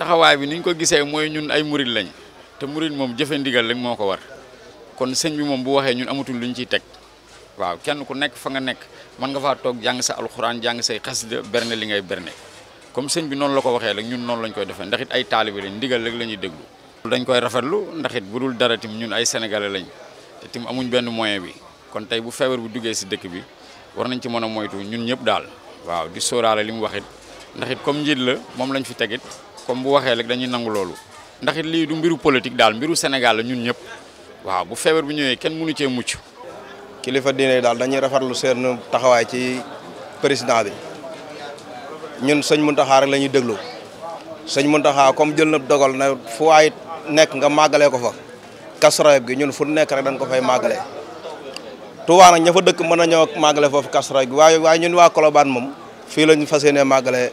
taxaway bi niñ ko gisé moy ñun ay murit lañ té murit mom jëfëndigal rek moko war kon sëñ bi mom bu waxé ñun amatul luñ ci ték waaw kenn ku nekk fa nga nekk man nga fa tok jang sa alcorane jang say khasida berne li ngay berne comme sëñ bi non la ko waxé rek ñun non lañ koy défé ndax it ay taalibe lañ ndigal rek lañuy dégglu dañ koy rafetlu ndax it bu ñun ay sénégalais lañ té tim amuñ benn moyen bi kon tey bu feebar bu duggee si dëkk bi war nañ ci mën a moytu ñun ñëpp daal waaw di sóoraale li mu waxit ndax it comme njiit la moom lañ fi tegit comme bu waxee rek dañuy nangu loolu ndax it lii du mbiru politique daal mbiru Sénégal la ñun ñëpp waaw bu feebar bu ñëwee kenn munu cee mucc. kilifa diine daal dañuy rafetlu seen taxawaay ci président bi ñun sëñ Mountakha rek lañuy ñuy déglu sëñ Mountakha comme jël na dogal na fu waay nekk nga màggalee ko fa kasarayeb gi ñun fu nekk rek dañ ko fay màggalee. Touba nag ña fa dëkk mën nañoo màggale foofu Kazu Rajab bi waaye waaye ñun waa Colobane moom fii lañ fas yéenee màggale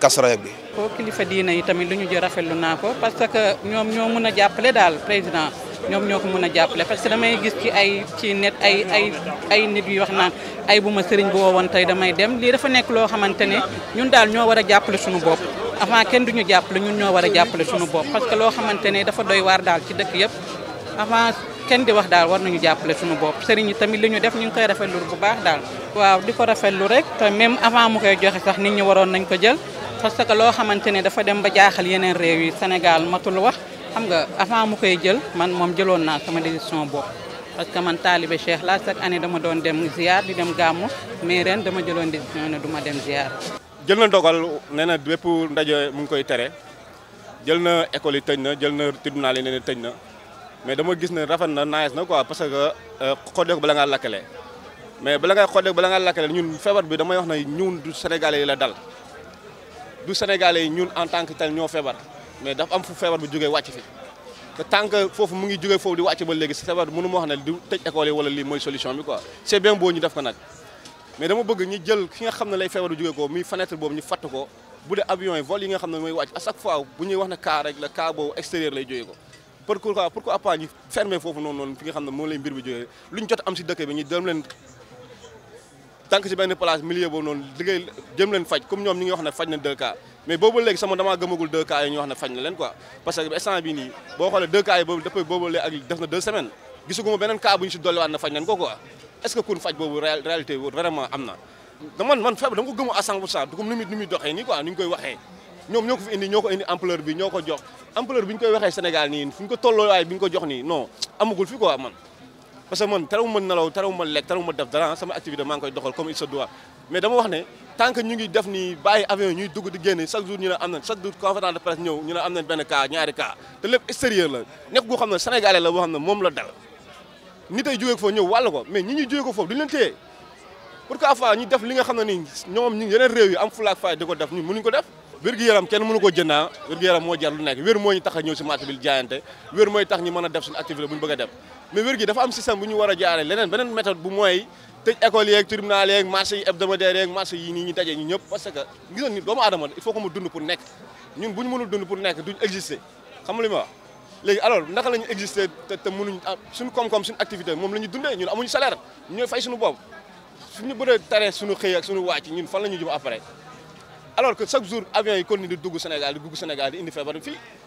Kazu Rajab bi. ko kilifa diina yi tamit lu ñu jë rafetlu naa ko parce que ñoom ñoo mun a jàppale daal président ñoom ñoo ko mun a jàppale parce que damay gis ci ay ci net ay ay nit yu wax naan ay bu ma sëriñ bu woowoon tey damay dem lii dafa nekk loo xamante ne ñun daal ñoo war a jàppale suñu bopp. avant kenn du ñu jàppale ñun ñoo war a jàppale suñu bopp parce que loo xamante ne dafa doy waar daal ci dëkk yëpp avant. ken di wax dal war nañu jàppale suñu bop sëriñ yi tamit li ñu def ñu ngi koy rafetlu bu baax dal waaw di ko rafetlu rek te même avant mu koy joxe sax nit ñi waroon nañ ko jël parce que lo xamantene dafa dem ba jaaxal yeneen réew yi Sénégal matul wax xam nga avant mu koy jël man mom jëlon na sama décision bop parce que man talibé cheikh la chaque année dama doon dem ziar di dem gamu mais ren dama jëlon décision ne duma dem ziar jël na dogal néna bép ndaje mu ngi koy téré jël na école yi tëj na jël na tribunal yi néna na na mais dama gis ne rafet na nice na quoi parce que euh, xoddeeku bala ngaa lakkale mais bala ngay xoddeeku bala ngaa lakkale ñun feebar bi damay wax ne ñun du Sénégalais yi la dal du Sénégalais yi ñun en tant que tel ñoo feebar mais dafa am fu feebar bi jógee wàcc fi te tant foofu mu ngi jógee foofu di wàcc ba léegi feebar bi mënu ma wax ne du tëj école yi wala lii mooy solution bi quoi c'est bien beau ñu def ko nag mais dama bëgg ñu jël ki nga xam ne lay feebar bi jógee ko muy fenêtre boobu ñu fatt ko bu dee yi vol yi nga mooy wàcc à chaque fois bu wax ne cas rek la cas boobu extérieur lay ko pourquoi pourquoi pas ñu fermer foofu noonu noonu fi nga xam ne moom lay mbir bi lu ñu jot am si dëkk bi ñu dem leen si benn place milieu boobu noonu liggéey jëm faj comme ñoom ñi ngi wax ne faj na ne leen quoi parce que instant bi nii boo xoolee 2 cas yi boobu depuis boobu na 2 semaines gisuguma beneen cas ñu si dolliwaat na faj nañ ko quoi est-ce que kun faj boobu réalité vraiment am na man man feebar dama ko gëmu à 100 pour comme ni muy ni ñoom ñoo ko fi indi ñoo ko indi ampleur bi ñoo ko jox ampleur bi ñu koy waxee Sénégal nii fu ñu ko tolloo waaye bi ñu ko jox nii non amagul fi quoi man parce que man tarawu ma nelaw tarawu ma lekk tarawu ma def dara sama activité maa ngi koy doxal comme il se doit mais dama wax ne tant que ngi def nii bàyyi avion ñuy dugg di génne chaque jour ñu ne am na chaque jour conférence de presse ñëw ñu ne am nañ benn cas ñaari la nekk goo xam ñëw wàll ko mais ñi ñuy jógee ko foofu duñu leen ñu def li nga xam ne nii ñoom ñu yeneen réew yi am fulaak faay ko def ñun mënuñu ko def wér-gu-yaram kenn mënu ko jëndaa ah. wér moo jar lu nekk wér mooy tax a ñëw si marché bi jaayante wér mooy tax ñi mën a def suñu activité bu ñu bëgg a def mais wér gi dafa am système bu ñu war a jaare leneen beneen méthode bu mooy tëj école yeeg tribunal yeeg marché yi hebdomadaire yeeg marché yi nii ñu dajee ñu ñëpp parce que gisoon ni doomu aadama il faut que mu dund pour nekk ñun bu ñu mënul dund pour nekk duñ exister xam li ma wax léegi alors naka la ñu exister te te mënuñ ah, suñu koom suñu activité moom la ñu dundee ñun amuñu salaire ñooy fay suñu bopp suñu bëree taree suñu xëy ak suñu wàcc ñun fan la ñu jëm après alors que chaque jour avion yi continue di dugg Sénégal di dugg Sénégal di fii